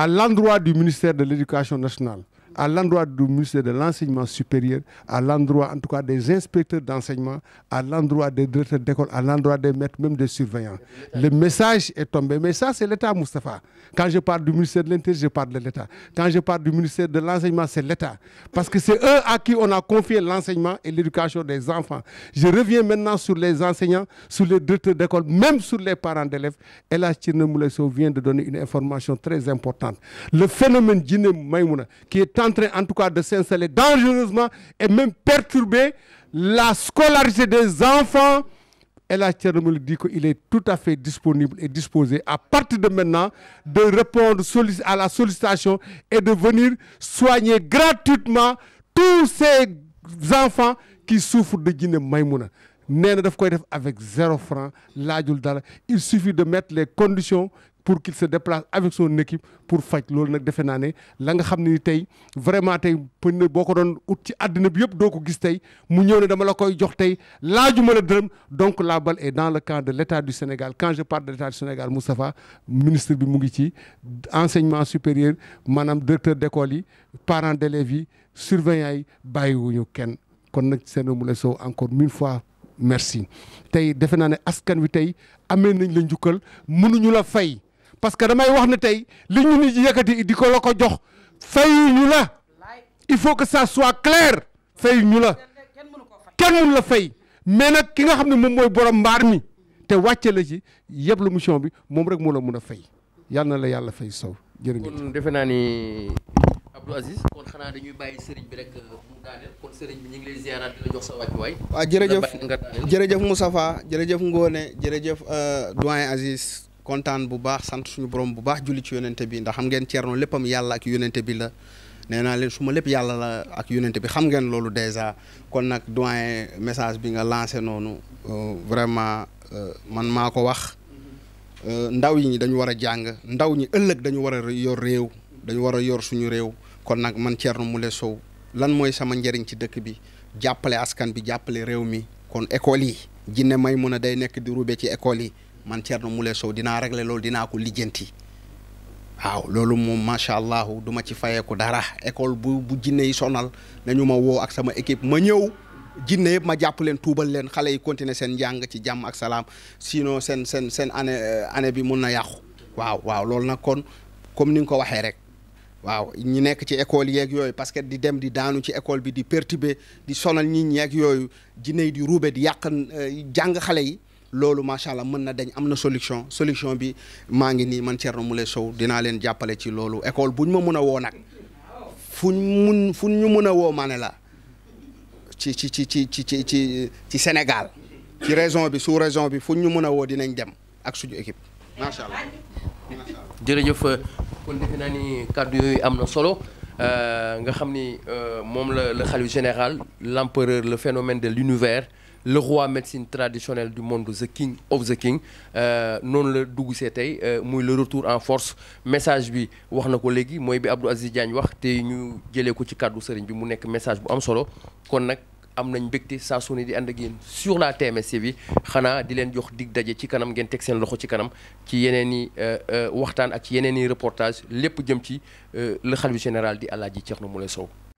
à l'endroit du ministère de l'Éducation nationale à l'endroit du ministère de l'enseignement supérieur, à l'endroit en tout cas des inspecteurs d'enseignement, à l'endroit des directeurs d'école, à l'endroit des maîtres, même des surveillants. Le message est tombé. Mais ça, c'est l'État, Moustapha. Quand je parle du ministère de l'Intérieur, je parle de l'État. Quand je parle du ministère de l'enseignement, c'est l'État. Parce que c'est eux à qui on a confié l'enseignement et l'éducation des enfants. Je reviens sur les enseignants, sur les directeurs d'école, même sur les parents d'élèves. Et là, Tchirne vient de donner une information très importante. entre en tout cas de s'installer dangereusement et même perturber la scolarité des enfants. Et là, Tchernobyl dit qu'il est tout à fait disponible et disposé à partir de maintenant de répondre à la sollicitation et de venir soigner gratuitement tous ces enfants qui souffrent de Guinée Maïmouna. nee na daf koy def avec zéro franc laajul dara il suffit de mettre les conditions pour qu'il se déplace avec son équipe pour faj loolu nag defe naa ne la nga xam ne ni tey vraiment tey pëñ ne boo ko doon ut ci àddina bi yëpp doo ko gis tey mu ñëw ne dama la koy jox tey laaju ma la dërëm donc la balle est dans le camp de l'État du Sénégal quand je parle de l'État du Sénégal Moustapha ministre bi mu ngi ci enseignement supérieur maanaam directeur d'école yi parents d'élèves yi surveillants yi bàyyiwuñu kenn kon nag Seydou Moulay Sow encore mille fois merci tey defe naa ne askan wi tey amee nañ la njukkal mënuñu la fay parce que damay wax ne tey li ñu nit yëkkati di ko la ko jox fayu ñu la il faut que ça soit clair fayu ñu la kenn mënu la fay mais nag ki nga xam ne moom mooy borom mbaar mi te wàcce la ci yëpp la mission bi moom rek moo la mun a fay yàlla na la yàlla fay sow jërëjëf kon naa ni Abdou Aziz kon xanaa dañuy bàyyi sëriñ bi rek euh, mu bi ñu ngi lay ziaraat di la jox sa wàccuwaay. waaw jërëjëf jërëjëf Moustapha jërëjëf Ngone jërëjëf euh, doyen Aziz. kontaan bu baax sant suñu borom bu baax julli ci yonente bi ndax xam ngeen Thierno léppam yàlla ak yonente bi la nee naa leen su ma lépp yàlla la ak yonente bi xam ngeen loolu dèjà kon nag doyen message bi nga lancé noonu euh, vraiment euh, man maa ko wax euh, ndaw yi dañu war a jàng ndaw ñi ëllëg dañu war a yor réew dañu war a yor suñu réew kon nag man Thierno Moule Sow lan mooy sama njëriñ ci dëkk bi jàppale askan bi jàppale réew mi kon école yi jinne may mun a day nekk di rube ci école yi man mu Moule Sow dinaa régler loolu dinaa ko lijjanti waaw loolu moom macha allah du ma ci fayeeku dara école bu bu jinne yi sonal nañu ma woo ak sama équipe ma ñëw jinne yëpp ma jàpp leen tuubal leen xale yi continuer seen jàng ci jàmm ak salaam sino seen seen seen euh, année bi mun na yàqu waaw waaw loolu nag kon comme ni nga ko waxee rek waaw ñi nekk ci école yeeg yooyu parce que di dem di daanu ci école bi di perturber di sonal ñi ñeeg yooyu jinne yi di ruube di yàq euh, jàng xale yi loolu macha allah mën na dañ am na solution solution bi maa ngi nii man mu Moule Sow dinaa leen jàppale ci loolu école bu ñu ma mën a woo nag fuñ mun fuñ ñu mën a woo maa ne la ci ci ci ci ci ci ci Sénégal ci région bi sous région bi fu ñu mën a woo dinañ dem ak suñu équipe macha allah. jërëjëf kon defe naa ni kàddu yooyu am na solo. Euh, nga xam ni euh, moom la le khalife général l'empereur le phénomène de l'univers le roi médecine traditionnel du monde the king of the king euh, noonu la dugg see tey euh, muy le retour en force message bi wax na ko léegi mooy bi Abdou Aziz Diagne wax te ñu jëlee ko ci kàddu sëriñ bi mu nekk message bu am solo kon nag am nañ mbégte saa su ne di ànd ak yéen sur la TMS bi xanaa di leen jox dig daje ci kanam ngeen teg seen loxo ci kanam ci yeneen i euh, waxtaan ak ci yeneen i reportage lépp jëm ci le xalifa général di ji ceex Alaaji mu Moule Sow